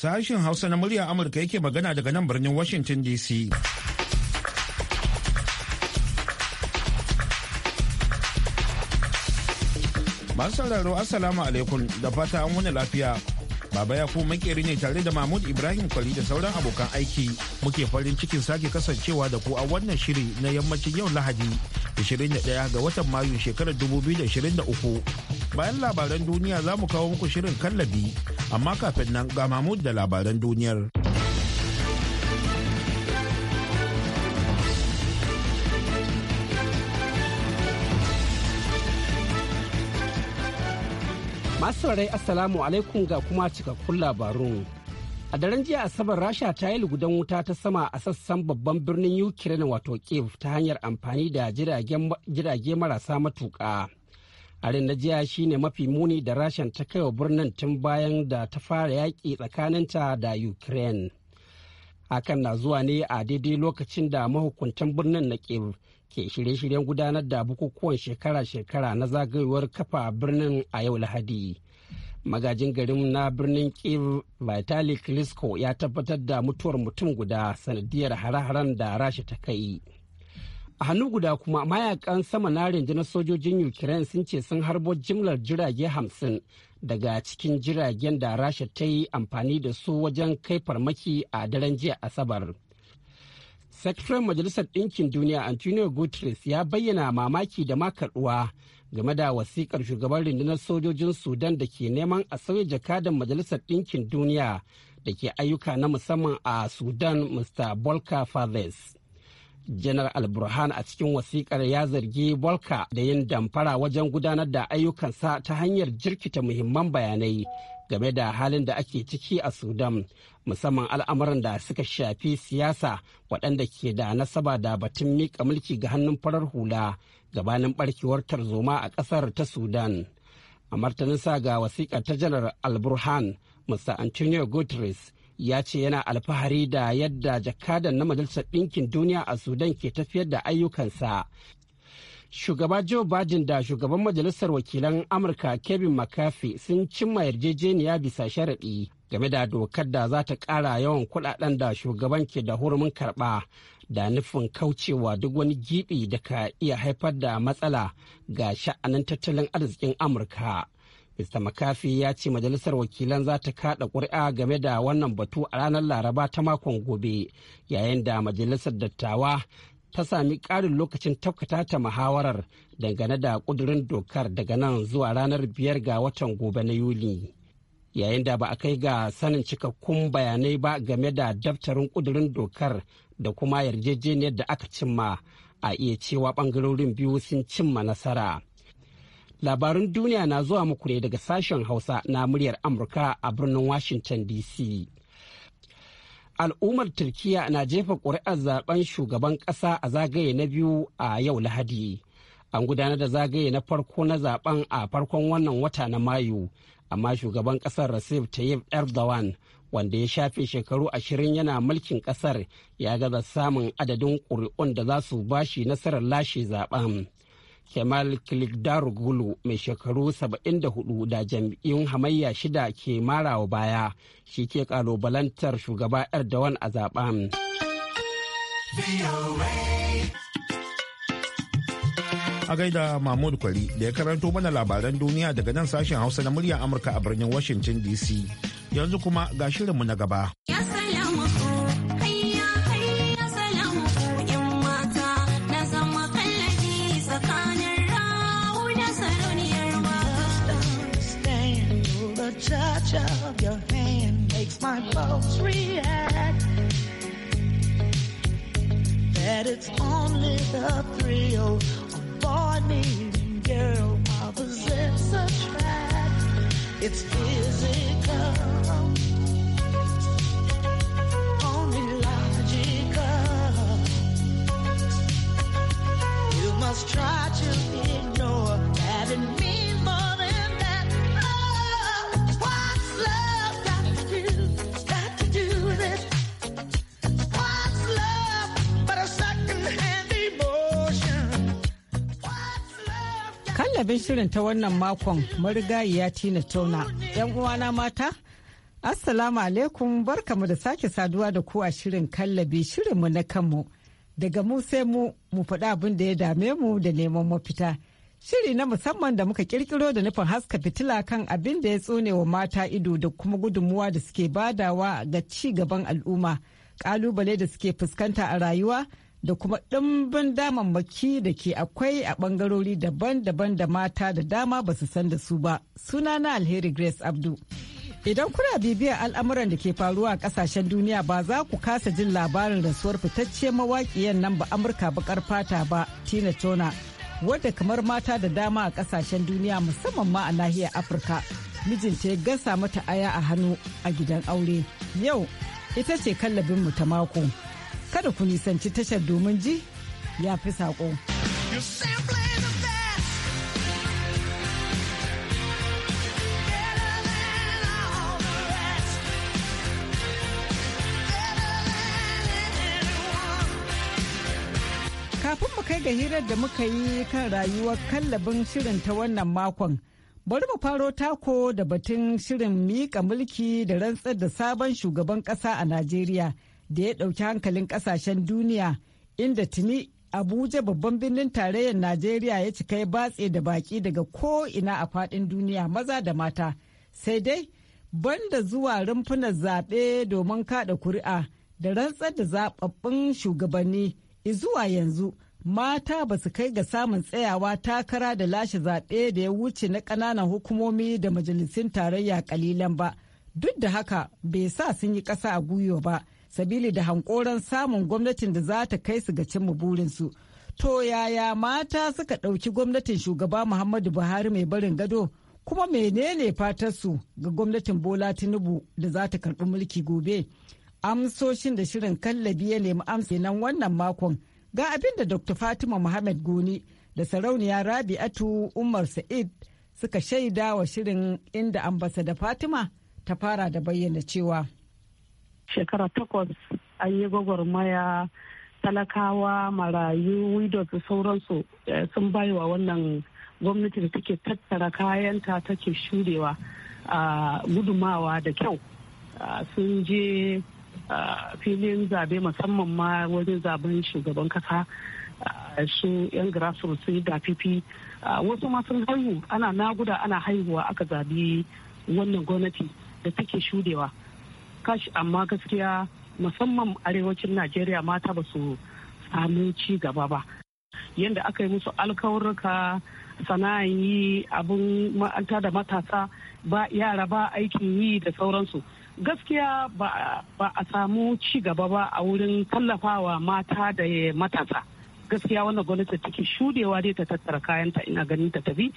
Sashen Hausa na murya Amurka yake magana daga nan birnin Washington DC. Masu sauraro Assalamu alaikum da fata an wani lafiya. Baba ya kuma makeri ne tare da Mahmud Ibrahim Kwali da sauran abokan aiki muke farin cikin sake kasancewa da ku a wannan shiri na yammacin yau Lahadi 21 ga watan Mayu shekarar 2023. Bayan labaran duniya za mu kawo muku shirin kallabi amma kafin nan ga Mahmud da labaran duniyar. Masu rai Assalamu alaikum ga kuma cikakkun labarun. A daren jiya Asabar Rasha ta yi lugudan wuta ta sama a sassan babban birnin Ukraine wato Kiev ta hanyar amfani da jirage marasa matuka arin na jiya shine mafi muni da Rashan ta kai wa birnin tun bayan da ta fara yaƙi tsakaninta da Ukraine. Hakan na zuwa ne a daidai lokacin da mahukuntan birnin na Kiev ke shirye-shiryen gudanar da bukukuwan shekara-shekara na zagayowar kafa birnin a yau lahadi magajin garin na birnin kiv vitali klitschko ya tabbatar da mutuwar mutum guda sanadiyar hare-haren da rasha ta kai a hannu guda kuma mayakan sama na rundunar sojojin ukraine sun ce sun harbo jimlar jirage hamsin daga cikin jiragen da rasha ta yi amfani da su wajen kai farmaki a daren jiya asabar. Sakataren Majalisar Ɗinkin Duniya Antonio Guterres ya bayyana mamaki da makarɗuwa game da wasikar shugaban rundunar sojojin Sudan da ke neman a sauya jakadan Majalisar Ɗinkin Duniya da ke ayyuka na musamman a Sudan Mr. Bolka Fathers. janar alburhan a cikin wasikar ya zargi bolka da yin damfara wajen gudanar da ayyukansa ta hanyar jirkita muhimman bayanai game da halin da ake ciki a Sudan musamman al'amuran da suka shafi siyasa waɗanda ke da nasaba da batun miƙa mulki ga hannun farar hula gabanin barkewar tarzoma a ƙasar ta Sudan. A sa ga wasiƙa ta janar Alburhan, Mr. Antonio Guterres ya ce yana alfahari da yadda jakadan na Majalisar Ɗinkin Duniya a Sudan ke tafiyar da ayyukansa shugaba joe biden da shugaban majalisar wakilan amurka kevin mccarthy sun cimma yarjejeniya bisa sharaɗi game da dokar da za ta ƙara yawan kuɗaɗen da shugaban ke da hurumin karɓa da nufin kaucewa duk wani giɓi da ka iya haifar da matsala ga sha'anin tattalin arzikin amurka mr makafi ya ce majalisar wakilan za ta kaɗa ƙuri'a game da wannan batu a ranar laraba ta makon gobe yayin da majalisar dattawa ta sami ƙarin lokacin tafkata ta muhawarar dangane da ƙudurin dokar daga nan zuwa ranar biyar ga watan gobe na yuli yayin da ba a kai ga sanin cikakkun bayanai ba game da daftarin ƙudurin dokar da kuma yarjejeniyar da aka cimma a iya cewa ɓangarorin biyu sun cimma nasara labarun duniya na zuwa muku ne daga sashen hausa na muryar amurka a birnin washington dc al'ummar turkiya na jefa ƙuri'ar zaben shugaban ƙasa a zagaye na biyu a yau lahadi an gudanar da zagaye na farko na zaben a farkon wannan wata na mayu amma shugaban ƙasar recep tayyip erdogan wanda ya shafe shekaru ashirin yana mulkin ƙasar ya gaza samun adadin ƙuri'un da za su bashi nasarar lashe zaben kemal kilikdaroglu mai shekaru 74 da jam'iyyun hamayya shida ke marawa baya shi ke kalubalantar shugaba erdogan a zaben a gaida mahmud kwari da ya karanto mana labaran duniya daga nan sashen hausa na murya amurka a birnin washington dc yanzu kuma ga shirinmu na gaba yes, folks react that it's only the thrill of boy meeting girl opposites attract. It's physical. abin shirin ta wannan makon marigayi ya Tina Tauna. ‘Yan uwana mata, Assalamu alaikum barkamu da sake saduwa da ku a shirin kallabi shirinmu na kanmu. Daga mu sai mu mu faɗa abin da ya dame mu da neman mafita. Shiri na musamman da muka kirkiro da nufin haska fitila kan abin da ya tsone wa mata ido da kuma gudunmuwa da suke badawa ga ci gaban al'umma, ƙalubale da suke fuskanta a rayuwa da kuma ɗimbin damammaki da ke akwai a ɓangarori daban-daban da mata da dama ba su san da su ba. suna na Alheri Grace Abdu. Idan kuna bibiyar al'amuran da ke faruwa a ƙasashen duniya ba za ku kasa jin labarin rasuwar fitacce mawaƙiyan nan ba Amurka bakar fata ba Tina Tona. wadda kamar mata da dama a ƙasashen duniya musamman ma a nahiyar Afirka mijinta ya gasa mata aya a hannu a gidan aure. Yau ita ce kallabinmu ta mako. kada ku nisanci tashar domin ji ya fi saƙo. Kafin mu kai ga hirar da muka yi kan rayuwar kallabin shirin ta wannan makon, bari mu faro tako da batun shirin miƙa mulki da rantsar da sabon shugaban ƙasa a Najeriya. da ya ɗauki hankalin ƙasashen duniya inda tuni abuja babban birnin tarayyar najeriya ya cika ya batse da baki daga ko'ina a faɗin duniya maza da mata sai dai banda zuwa rumfunan zaɓe domin kaɗa kuri'a da rantsar da zaɓaɓɓun shugabanni izuwa yanzu mata ba su kai ga samun tsayawa takara da lashe zaɓe da ya wuce na ƙananan hukumomi da majalisun tarayya ƙalilan ba duk da haka bai sa sun yi ƙasa a gwiwa ba sabili da hankoron samun gwamnatin da za ta kai su ga cimma burinsu. To yaya mata suka ɗauki gwamnatin shugaba Muhammadu Buhari mai barin gado kuma menene fatarsu ga gwamnatin Bola Tinubu da za ta karɓi mulki gobe? Amsoshin da shirin kallabi ya nemi amsa nan wannan makon ga abin da Dr. Fatima Muhammad Goni da sarauniya Rabi'atu Umar Sa'id suka shaida wa shirin inda ambasa da Fatima ta fara da bayyana cewa. shekara takwas an yi gwagwarmaya talakawa marayu widows sauransu eh, sun baiwa wannan gwamnati da take tattara kayanta take shurewa a gudumawa da kyau sun je filin zabe musamman ma wajen zaben shugaban kasa su yan grassroots sun yi dafifi wasu ma sun haihu ana naguda ana haihuwa aka zabi wannan gwamnati da take shudewa kash amma gaskiya musamman arewacin najeriya mata ba su samu ci gaba ba yadda aka yi musu alkawarruka sana'an yi abin ma'anta da matasa ba yara ba aikin yi da sauransu gaskiya ba a samu ci gaba ba a wurin tallafawa mata da matasa gaskiya wannan gwamnati take shudewa dai ta tattara kayanta ina ganin ta tafi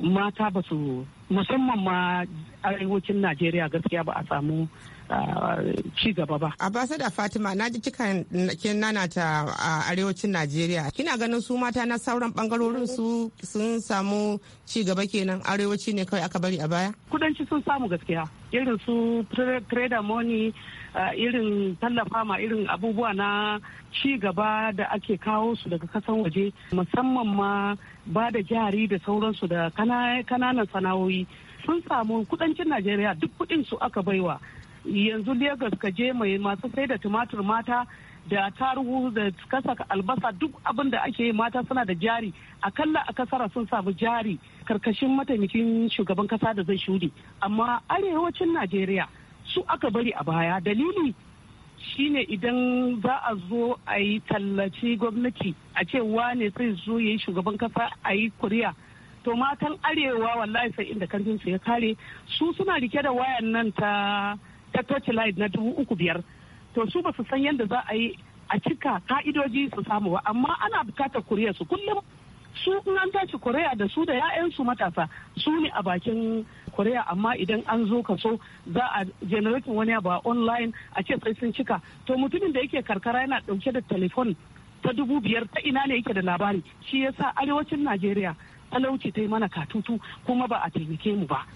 mata ba su musamman ma arewacin najeriya gaskiya ba a samu ah, ci gaba ba. da Fatima na ji cikan kin nanata a arewacin Najeriya. Kina ganin su mata na sauran bangarorin su sun samu ci gaba kenan arewaci ne kawai aka bari a baya? Kudanci sun samu gaskiya. Irin su trader money ah, irin tallafa ma irin abubuwa na ci gaba da ake kawo su daga kasan waje musamman ma ba da jari da sauransu da kananan sana'o'i sun samu kudancin najeriya duk kudin su aka baiwa yanzu lagos ka je mai masu sai da tumatur mata da taruhu da kasa albasa duk abin da ake yi mata suna da jari akalla a kasara sun samu jari karkashin mataimakin shugaban kasa da zai shudi amma arewacin najeriya su aka bari a baya dalili shine idan za a zo a yi tallace gwamnati a ce wane zai zo ya yi shugaban kasa a yi kuriya to matan arewa wallahi sai inda su ya kare su suna rike da wayan nan ta ta torchlight na dubu uku biyar to su basu san yadda za a yi a cika ka'idoji su samu ba amma ana bukatar kuriya su kullum su in an tashi korea da su da 'ya'yansu matasa su ne a bakin korea amma idan an zo kaso za a generating wani abu a online a ce sai sun cika to mutumin da yake karkara yana dauke da telefon ta dubu biyar ta ina ne yake da labari shi yasa arewacin najeriya talauci ta yi mana katutu kuma ba a taimake mu ba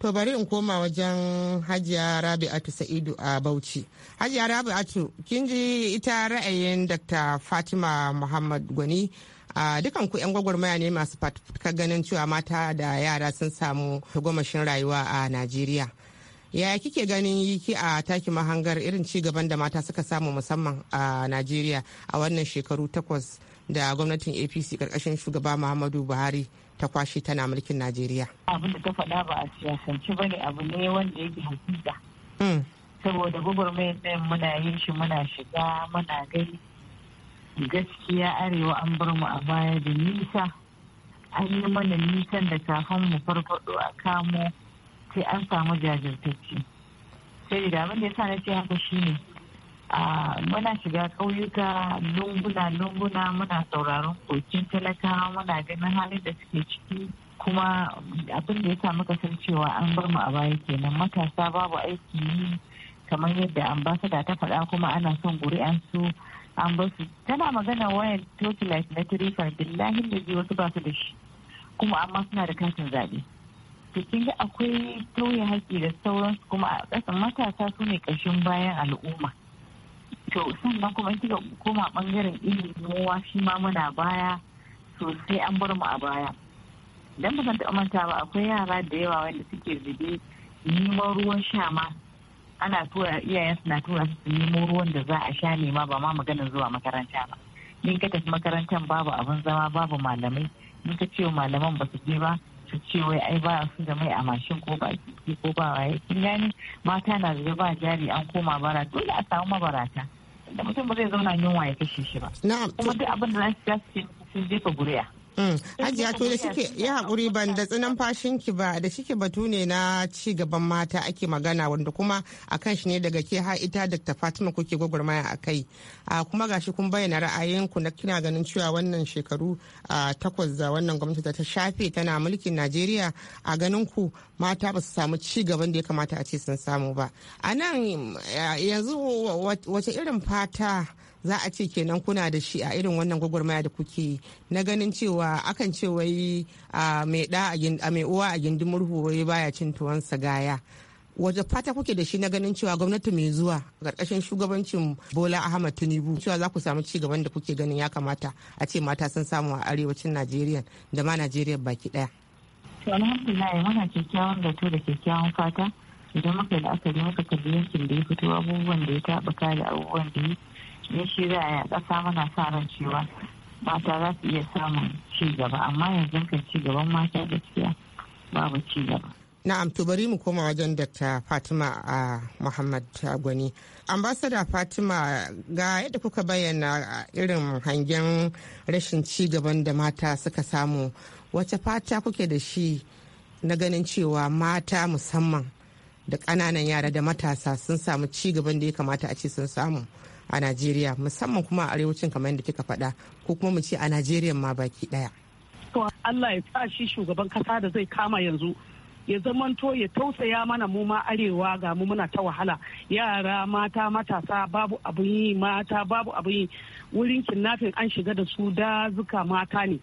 to bari in koma wajen hajiya rabi'atu sa'idu a bauchi hajiya rabi'atu kin ji ita ra'ayin dr fatima muhammad gwani a dukan ku yan gwagwarmaya ne masu fafutukar ganin cewa mata da yara sun samu tagomashin rayuwa a najeriya yaya kike ganin yiki a taki mahangar irin ci gaban da mata suka samu musamman a najeriya a wannan shekaru takwas da gwamnatin apc karkashin shugaba muhammadu buhari ta kwashe tana mulkin najeriya abin da ta faɗa ba a siyasance ba ne abu ne wanda yake hakika hmm. saboda gwagwarmaya nan muna yin shi muna shiga muna gani gaskiya arewa an bar mu a baya da nisa an yi mana nisan da kafin mu farfado a kamo sai an samu jajirtacci sai da abin da ya sa na ce haka shine muna shiga ƙauyuka lunguna lunguna muna sauraron kokin talakawa muna ganin halin da suke ciki kuma abin da ya sa muka san cewa an bar mu a baya kenan matasa babu aiki yi kamar yadda ambasada ta faɗa kuma ana son su an tana magana wayan tokilas na tirifa billahi da ji wasu basu da shi kuma amma suna da katin zaɓe to kin ga akwai tauye haƙƙi da sauransu kuma a ƙasa matasa su ne ƙashin bayan al'umma to sannan kuma kika koma ɓangaren ilimi mowa shi ma muna baya sosai an bar mu a baya dan ba zan taɓa manta ba akwai yara da yawa wanda suke zube neman ruwan sha ma ana tura iyayen suna tura su su nemo ruwan da za a sha nema ba ma maganin zuwa makaranta ba in ka tafi makarantar babu abin zama babu malamai in ka ce malaman ba su je ba su ce wai ai ba su da mai a mashin ko ba ki ko ba waye kin gani mata na da ba jari an koma bara dole a samu mabarata da mutum ba zai zauna yunwa ya kashe shi ba kuma duk abin da za su ce sun jefa guriya Mm. Hajiya to da shike ya haƙuri ban da tsinan fashin ki ba da shike batu ne na ci gaban mata ake magana wanda kuma a kan shi ne daga ke ha ita da ta Fatima kuke gwagwarmaya a kai. Kuma gashi kun bayyana ra'ayin ku na kina ganin cewa wannan shekaru takwas da wannan gwamnati ta shafe tana mulkin Najeriya a ganin ku mata ba su samu ci gaban da ya kamata a ce sun samu ba. A nan yanzu wace irin fata za a ce kenan kuna da shi a irin wannan gwagwarmaya da kuke na ganin cewa akan ce wai mai a mai uwa a gindin murhu wai baya cin tuwon gaya waje fata kuke da shi na ganin cewa gwamnati mai zuwa karkashin shugabancin bola ahmad tinubu cewa za ku samu ci gaban da kuke ganin ya kamata a ce mata sun samu a arewacin najeriya da ma najeriya baki daya alhamdulillah muna kyakkyawan gato da kyakkyawan fata idan muka da aka muka kalli yankin da ya fito abubuwan da ya taɓa kare abubuwan da ya in shi za a yi ƙasa mana sa ran mata za su iya samun ci gaba amma yanzu kan ci gaban mata gaskiya babu ci gaba. Na'am to bari mu koma wajen Dr. Fatima a Muhammad Gwani. Ambasada Fatima ga yadda kuka bayyana irin hangen rashin ci gaban da mata suka samu wace fata kuke da shi na ganin cewa mata musamman da ƙananan yara da matasa sun samu ci gaban da ya kamata a ce sun samu a najeriya musamman kuma a arewacin kamar yadda kika faɗa ko kuma mu ce a najeriya ma baki ɗaya. to allah ya sa shi shugaban kasa da zai kama yanzu ya zamanto ya tausaya mana mu ma arewa ga mu muna ta wahala yara mata matasa babu abin yi mata babu abin yi wurin kidnapping an shiga da su dazuka mata ne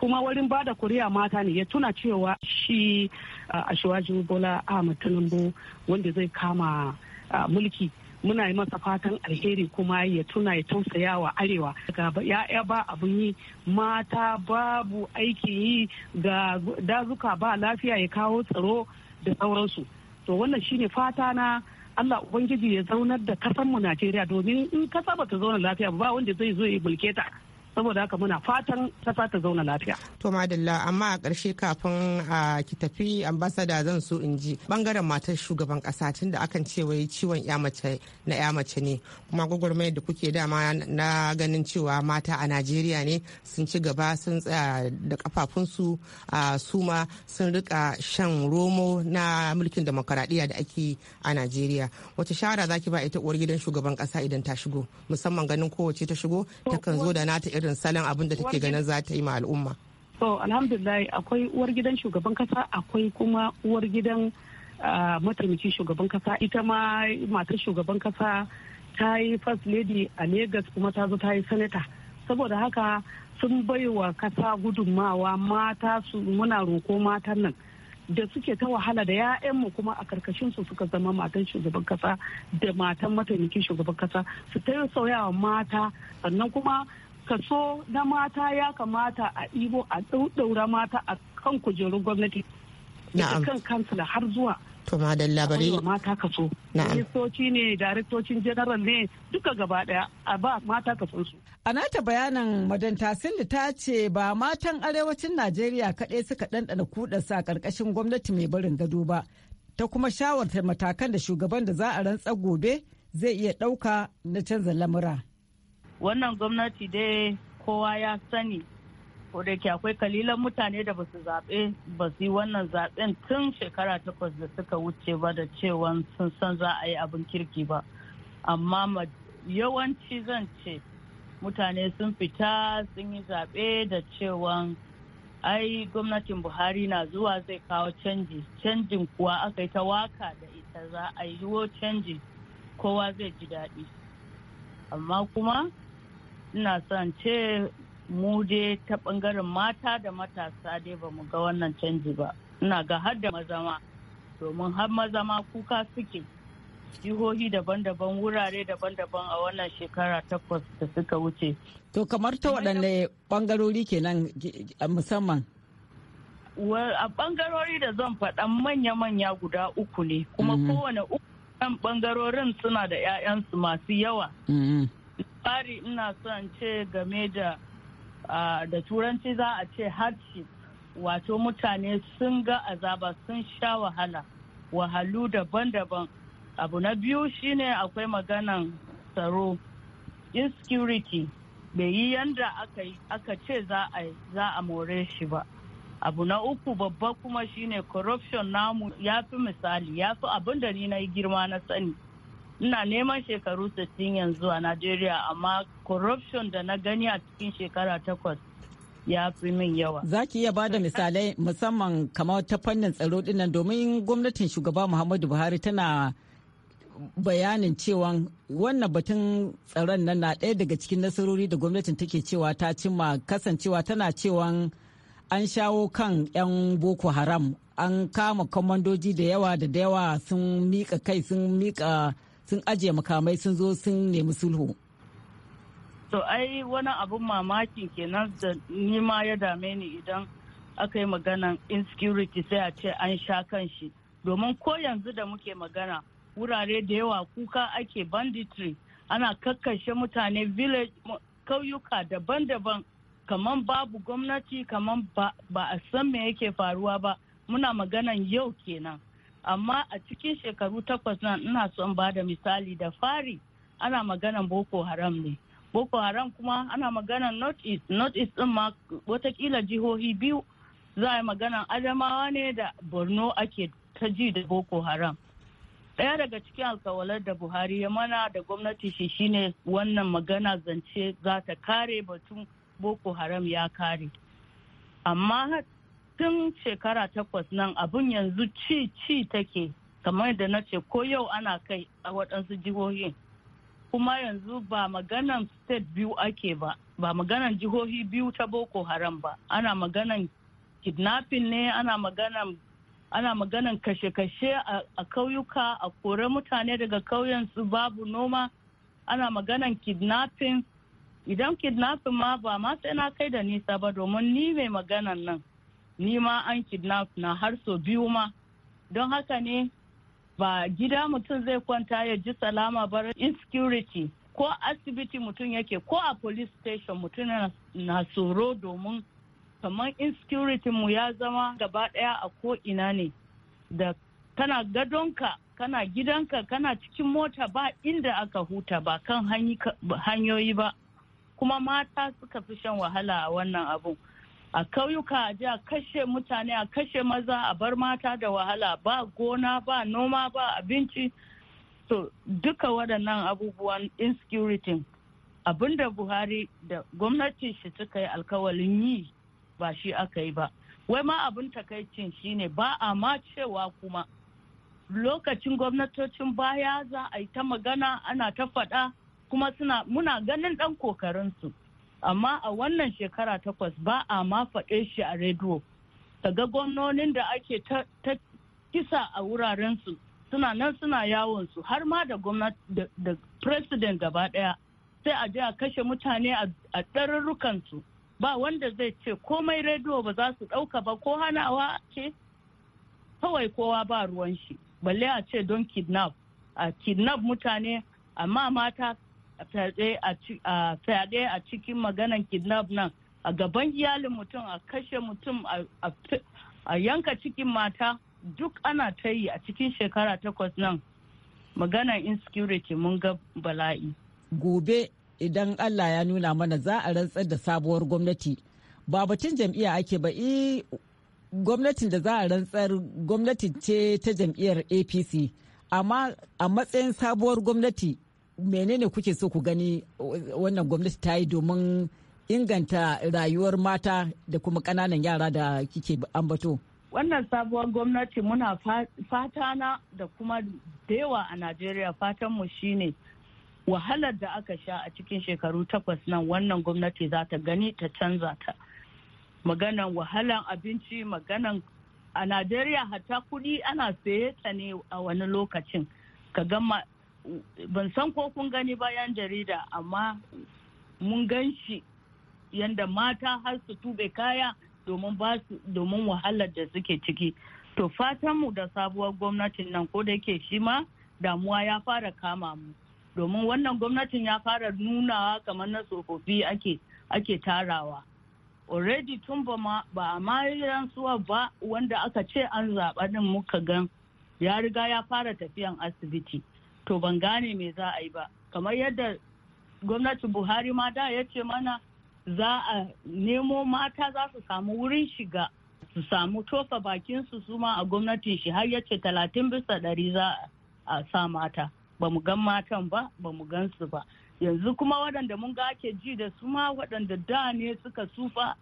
kuma wurin bada kuriya mata ne ya tuna cewa shi uh, a bola a tinubu wanda zai kama uh, mulki muna yi masa fatan alheri kuma ya tuna ya tausaya wa arewa ga ya'ya ba abun yi mata babu aiki yi ga dazuka ba lafiya ya kawo tsaro da sauransu to wannan shine fata na Allah Ubangiji ya zaunar da kasanmu Najeriya domin in kasa ba ta zauna lafiya ba wanda zai zo ya bulke ta saboda haka muna fatan kasa ta zauna lafiya to madalla amma a ƙarshe kafin a ki tafi ambasada zan so in ji bangaren matar shugaban ƙasa tun da akan ce wai ciwon ya mace na ya mace ne kuma gwagwarmayar da kuke dama na ganin cewa mata a najeriya ne sun ci gaba sun tsaya da kafafunsu a suma sun rika shan romo na mulkin demokaradiyya da ake a najeriya wace shahara zaki ba ita uwar gidan shugaban kasa idan ta shigo musamman ganin kowace ta shigo takan zo da nata irin irin salon abin da take ganin za ta yi ma al'umma so alhamdulillah akwai uwar gidan shugaban kasa akwai kuma uwar gidan ah, mataimakin shugaban kasa ita ma matar shugaban kasa ta yi first lady a lagos kuma ta zo ta yi senator saboda haka sun baiwa kasa gudunmawa mata su muna roko matan nan da suke ta wahala da 'ya'yanmu kuma a karkashin su suka zama matan shugaban kasa da matan mataimakin shugaban kasa su ta sauyawa mata sannan kuma kaso na mata ya kamata a ibo a ɗaura mata a kan kujerun gwamnati da kan kansila har zuwa to madalla bari mata kaso ministoci ne daraktocin general ne duka gaba daya a ba mata kaso su a nata bayanan madan tasilu ta ce ba matan arewacin najeriya kaɗai suka ɗanɗana kudansa a ƙarƙashin gwamnati mai barin gado ba ta kuma shawarta matakan da shugaban da za a rantsa gobe zai iya ɗauka na canza lamura wannan gwamnati dai kowa ya sani ko da ke akwai kalilan mutane da basu zaɓe ba su yi wannan zaɓen tun shekara takwas da suka wuce ba da cewa sun san za a yi abin kirki ba amma yawanci zan ce mutane sun fita sun yi zaɓe da cewa ai gwamnatin buhari na zuwa zai kawo canji canjin kuwa aka yi ta waka da ita za a yi canji kowa zai ji daɗi amma kuma ina son ce mu dai ta bangaren mata da matasa dai ba mu ga wannan canji ba ina ga har da mazama domin har mazama kuka suke jihohi daban-daban wurare daban-daban a wannan shekara takwas da suka wuce to kamar ta waɗanne bangarori kenan musamman a bangarori da zan faɗa manya-manya guda uku ne kuma mhm. kowane uku bangarorin suna da 'ya'yansu masu yawa mm-hmm. fari ina son ce game da da turanci za a ce hardship wato mutane sun ga azaba sun sha wahala wahalu daban-daban abu na biyu shine akwai maganan tsaro insecurity bai yi yanda aka ce za a more shi ba abu na uku babba kuma shine corruption namu ya fi misali ya fi abin da ni na yi girma na sani ina neman shekaru 60 yanzu a najeriya amma corruption da na gani a cikin shekara takwas ya fi min yawa za ki iya bada misalai musamman kamar ta fannin tsaro dinnan domin gwamnatin shugaba muhammadu buhari tana bayanin cewa wannan batun tsaron nan na ɗaya daga cikin nasarori da gwamnatin take cewa ta cimma kasancewa tana cewa an shawo kan 'yan boko haram an kama kwamandoji da yawa da da yawa sun mika kai sun mika sun ajiye makamai sun zo sun nemi sulhu to ai wani abin mamaki kenan da ni ya dame ni idan aka yi maganan insecurity sai a ce an sha kan shi domin ko yanzu da muke magana wurare da yawa kuka ake banditry ana kakkashe mutane village kauyuka daban-daban kamar babu gwamnati kamar ba a san me yake faruwa ba muna maganan yau kenan amma a cikin shekaru takwas nan ina son ba da misali da fari ana magana boko haram ne boko haram kuma ana maganan north east north din ma watakila jihohi biyu za a yi maganan adamawa ne da borno ake ta ji da boko haram daya daga cikin alkawalar da buhari ya mana da gwamnati shi shine wannan magana zance za ta kare batun boko haram ya kare amma tun shekara takwas nan abin yanzu ci ci take kamar da na ce ko yau ana kai a waɗansu jihohi kuma yanzu ba maganan state biyu ake ba ba maganan jihohi biyu ta boko haram ba ana maganan kidnapping ne ana maganan ana maganan kashe-kashe a kauyuka a kore mutane daga kauyensu babu noma ana maganan kidnapping idan kidnapping ma ba ma sai na kai da nisa ba domin ni mai maganan nan ni ma an kidnap na har so biyu ma don haka ne ba gida mutum zai kwanta ya ji salama in insecurity ko asibiti mutum yake ko a police station mutum na tsoro domin kamar insecurity mu ya zama gaba daya a ko ina ne da kana gadonka kana gidanka kana cikin mota ba inda aka huta ba kan hanyoyi ba kuma mata suka fi shan wahala a wannan abun a kauyuka a a kashe mutane a kashe maza a bar mata da wahala ba gona ba noma ba abinci to duka waɗannan abubuwan insecurity abinda buhari da gwamnatin shi suka yi alkawalin yi ba shi aka yi ba wai ma abin takaicin shine ba a ma cewa kuma lokacin gwamnatocin baya za a yi ta magana ana ta faɗa kuma suna muna ganin ɗan kokarinsu amma a wannan shekara takwas ba a ma faɗe shi a rediyo kaga gwamnonin da ake ta kisa a wurarensu suna nan suna yawon su har ma da gwamnati da president gaba ɗaya sai a je a kashe mutane a ɗarurrukansu ba wanda zai ce komai rediyo ba za su ɗauka ba ko hanawa ce kawai kowa ba ruwan shi balle a ce don kidnap a kidnap mutane amma mata a fyaɗe a cikin maganan kidnap nan a gaban iyalin mutum a kashe mutum a yanka cikin mata duk ana ta yi a cikin shekara takwas nan maganan insecurity mun ga bala'i gobe idan allah ya nuna mana za a rantsar da sabuwar gwamnati ba batun jam'iyya ake ba gwamnatin da za a rantsar gwamnati ce ta jam'iyyar apc amma a matsayin sabuwar gwamnati menene kuke so ku gani wannan gwamnati ta yi domin inganta rayuwar mata da kuma ƙananan yara da kike ambato? Wannan sabuwar gwamnati muna fatana da kuma da yawa a Najeriya fatanmu shine wahalar da aka sha a cikin shekaru takwas nan wannan gwamnati za ta gani ta canza ta. Maganan wahalan abinci, maganan a Najeriya hatta kudi ana saye ta ne a wani lokacin. Ka gama ban san ko kun gani bayan jarida amma mun gan shi yadda mata har su tube kaya domin domin wahalar da suke ciki to fatanmu da sabuwar gwamnatin nan ko da yake shi ma damuwa ya fara kama mu domin wannan gwamnatin ya fara nunawa kamar na tsofaffi ake tarawa already tun ba a ma suwa ba wanda aka ce an zaɓa din muka gan ya riga ya fara tafiyan asibiti to ban gane me za a yi ba kamar yadda gwamnatin buhari ma da ya ce mana za a nemo mata za su samu wurin shiga su samu tofa bakin su suma a gwamnatin shi har ya ce talatin bisa ɗari za a sa mata ba mu gan matan ba ba mu gan su ba yanzu kuma waɗanda mun ga ake ji da su ma waɗanda da ne suka sufa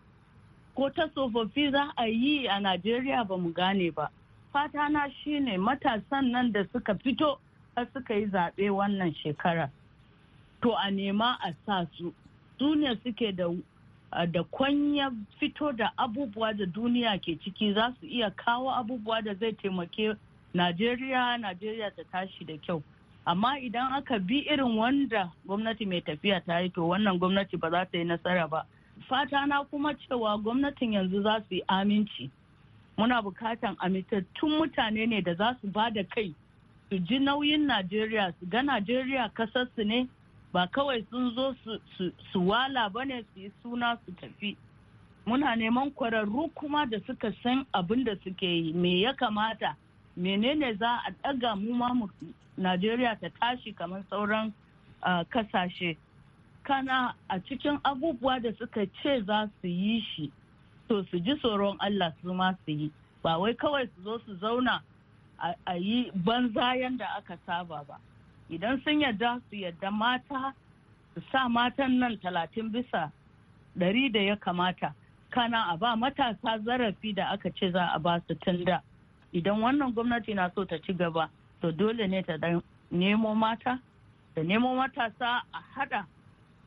ko ta tsofaffi za a yi a najeriya ba mu gane ba fata na shine matasan nan da suka fito suka yi zaɓe wannan shekara to a nema a sa su duniya suke da da kwanya fito da abubuwa da duniya ke ciki za su iya kawo abubuwa da zai taimake najeriya najeriya ta tashi da kyau amma idan aka bi irin wanda gwamnati mai tafiya ta yi to wannan gwamnati ba za ta yi nasara ba fata na kuma cewa gwamnatin yanzu za su yi aminci muna bukatan amintattun mutane ne da za su ba da kai su ji nauyin najeriya su ga najeriya kasar su ne ba kawai sun zo su wala ba ne su yi suna su tafi muna neman kwararru kuma da suka san abin da suke yi me ya kamata menene za a ɗaga mu ma najeriya ta tashi kamar sauran kasashe kana a cikin abubuwa da suka ce za su yi shi to su ji tsoron allah su ma su yi ba wai kawai su zo su zauna a yi banza yadda aka saba ba idan sun yadda su yadda mata su sa matan nan talatin bisa ɗari da ya kamata kana a ba matasa zarafi da aka ce za a ba su tunda idan wannan gwamnati na so ta ci gaba to dole ne ta nemo mata da nemo matasa a hada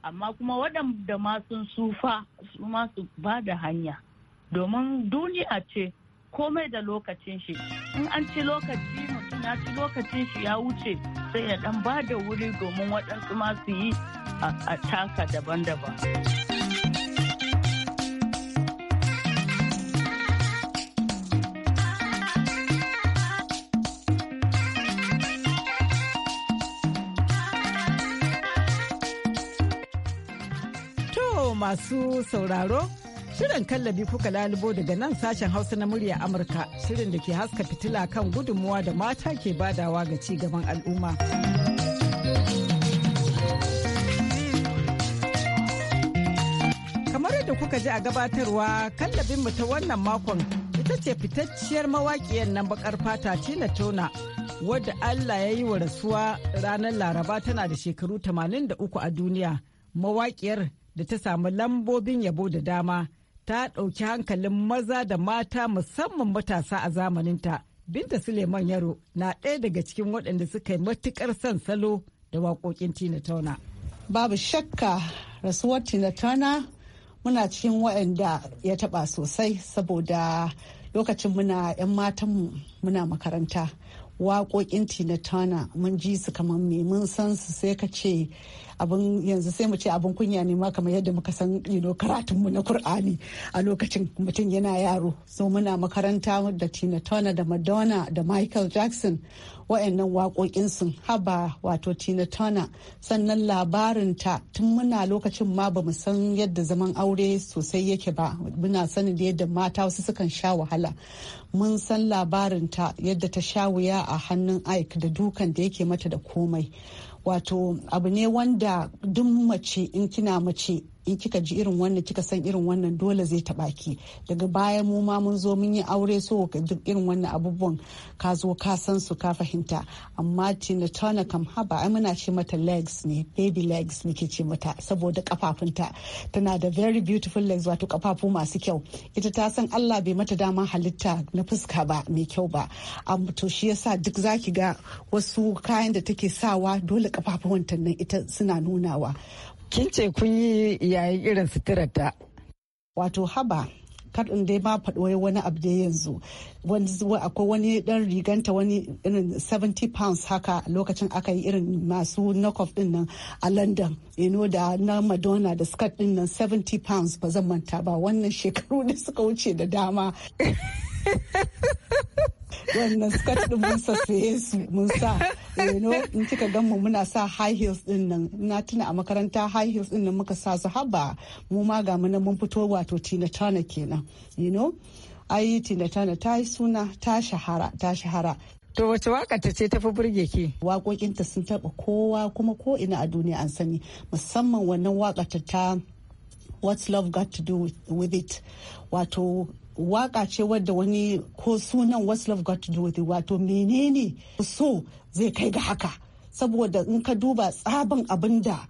amma kuma waɗanda ma sun sufa su ma su ba da hanya domin duniya ce komai da lokacin shi in an ci lokaci mutum ya ci lokacin shi ya wuce sai ya dan ba da wuri domin waɗansu masu yi a taka daban-daban masu sauraro Shirin kallabi kuka lalubo daga nan sashen Hausa na murya Amurka, shirin da ke haska fitila kan gudunmuwa da mata ke badawa ga ci gaban al'umma. Kamar yadda kuka ji a gabatarwa, kallabinmu ta wannan makon ita ce fitacciyar mawaƙiyar nan bakar fata Tina Tona. Wadda Allah ya yi wa rasuwa ranar Laraba tana da shekaru 83 a duniya, mawaƙiyar da ta samu lambobin yabo da dama ta ɗauki hankalin maza da mata musamman matasa a zamaninta. Binta Suleiman Yaro na ɗaya daga cikin waɗanda suka yi matuƙar son salo da waƙoƙin Tina Tauna. Babu shakka rasuwar Tina Tauna muna cikin waɗanda ya taɓa sosai saboda lokacin muna 'yan matanmu muna makaranta. Waƙoƙin Tina Tauna mun ji su kamar me mun san su sai ka ce abin yanzu sai mu ce abin kunya ne ma kamar yadda muka san ino karatun mu na Kur'ani a lokacin mutum yana yaro so muna makaranta da Tina Turner da Madonna da Michael Jackson wa'annan sun haba wato tina Turner sannan labarinta tun muna lokacin ma ba san yadda zaman aure sosai yake ba muna sanin da yadda mata wasu sukan sha wahala mun san labarinta yadda ta sha wuya a hannun ike da dukan da yake mata da komai wato abu ne wanda duk mace in kina mace in kika ji irin wannan kika san irin wannan dole zai taba ki daga baya mu ma mun zo mun yi aure so ka duk irin wannan abubuwan ka zo ka san su ka fahimta amma tina tana kam haba ai muna ce mata legs ne baby legs muke ce mata saboda kafafunta tana da very beautiful legs wato kafafu masu kyau ita ta san Allah bai mata dama halitta na fuska ba mai kyau ba amma to shi yasa duk zaki ga wasu kayan da take sawa dole kafafuwan nan ita suna nunawa Kin ce kun yi yayin irin suturarta. Wato haba kadin dai ma faɗuwar wani abu da yanzu akwai wani ɗan riganta wani irin 70 pounds haka lokacin aka yi irin masu knockoff din nan a london ino da na madonna da skirt din nan 70 pounds ba zan manta ba wannan shekaru da suka wuce da dama wannan skirt din mun sassaye su mun sa eno eh, in kika ganmu muna sa high heels din nan na tuna a makaranta high heels din nan muka sa su haba mu ma ga mun mun fito wato tina tana kenan you know ai tina tana ta yi suna ta shahara ta shahara To wace waka ta ce tafi burge ki? Waƙoƙinta sun taɓa kowa kuma ko ina a duniya an sani musamman wannan waƙa ta What's Love Got to Do With It wato waka ce wadda wani ko sunan what's love got to do with it wato menene so zai kai ga haka saboda in ka duba tsabin abin da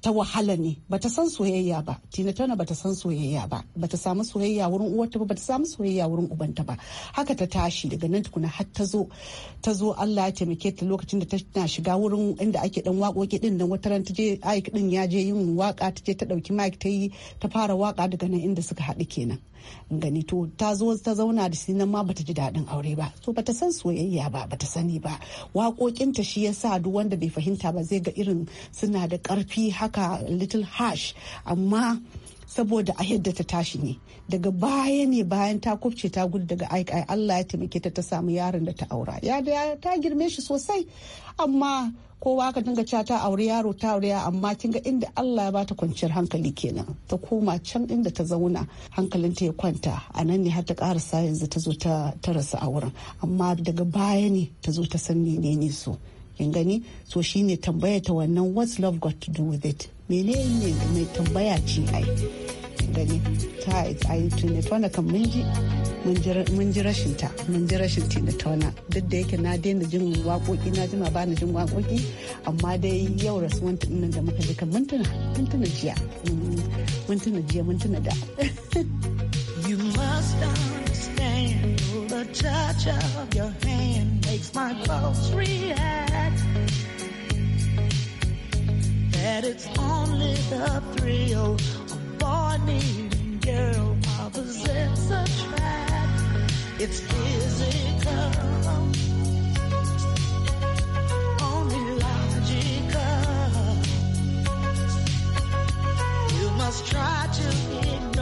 ta wahala ne ba ta san soyayya ba tina tana ba ta san soyayya ba ba ta samu soyayya wurin uwarta ba ba ta samu soyayya wurin ubanta ba haka ta tashi daga nan tukuna har ta zo ta zo Allah ya taimake ta lokacin da ta tana shiga wurin inda ake dan wakoki din nan wata ran ta je din ya je yin waka ta je ta dauki mic ta yi ta fara waka daga nan inda suka haɗu kenan gani to ta zo ta zauna da shi sinan ma bata ji daɗin aure ba to bata san soyayya ba bata sani ba waƙoƙinta shi yasa duk wanda bai fahimta ba zai ga irin suna da ƙarfi haka haka little harsh amma saboda a yadda ta tashi ne daga baya ne bayan ta kubce ta gudu daga aikai Allah ya taimake ta ta samu yaron da ta aura ya da ta girme shi sosai amma kowa ka dinga cewa ta aure yaro ta aure amma kin ga inda Allah ya bata kwanciyar hankali kenan ta koma can inda ta zauna hankalin ta ya kwanta a nan ne har ta karasa yanzu ta zo ta rasa auren amma daga baya ne ta zo ta san menene so in gani so shine tambaya ta wannan what's love got to do with it ne mai tambaya ce ai gani ta ai tunetona kan mun ji mun ji rashin ta mun ji rashin tunetona duk da yake na daina jin waƙoƙi na jima ba na jin waƙoƙi amma dai yau rasuwan nan da muka ji kan mun tuna mun tuna jiya mm, mun tuna jiya mun tuna da You must understand the touch of your hand makes my pulse react. That it's only the thrill of boy meeting girl opposites attract. It's physical. must try to ignore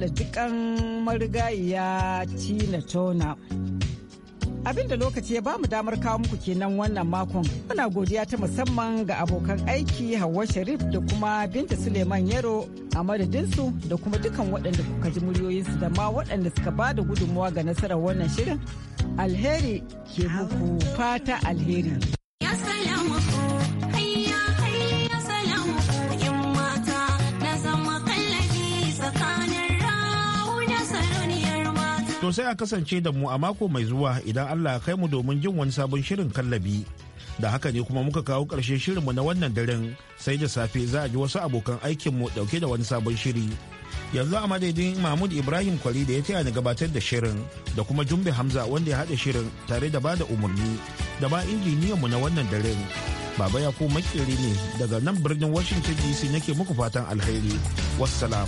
Allah jikan marigayiya Tina Tona. Abinda lokaci ya bamu damar kawo muku kenan wannan makon. Muna godiya ta musamman ga abokan aiki Hauwa Sharif da kuma Binta Suleiman Yaro a madadinsu da kuma dukan waɗanda kuka ji muryoyinsu da ma waɗanda suka ba da gudunmawa ga nasarar wannan shirin. Alheri ke muku fata alheri. To sai a kasance da mu a mako mai zuwa idan Allah kai mu domin jin wani sabon shirin kallabi. Da haka ne kuma muka kawo ƙarshen shirinmu na wannan daren sai da safe za a ji wasu abokan aikinmu ɗauke da wani sabon shiri. Yanzu a madadin Mahmud Ibrahim Kwari da ya taya ni gabatar da shirin da kuma Jumbe Hamza wanda ya haɗa shirin tare da bada umarni da ba injiniyanmu na wannan daren. Baba ya ko Makeri ne daga nan birnin Washington DC nake muku fatan alheri. Wassalam.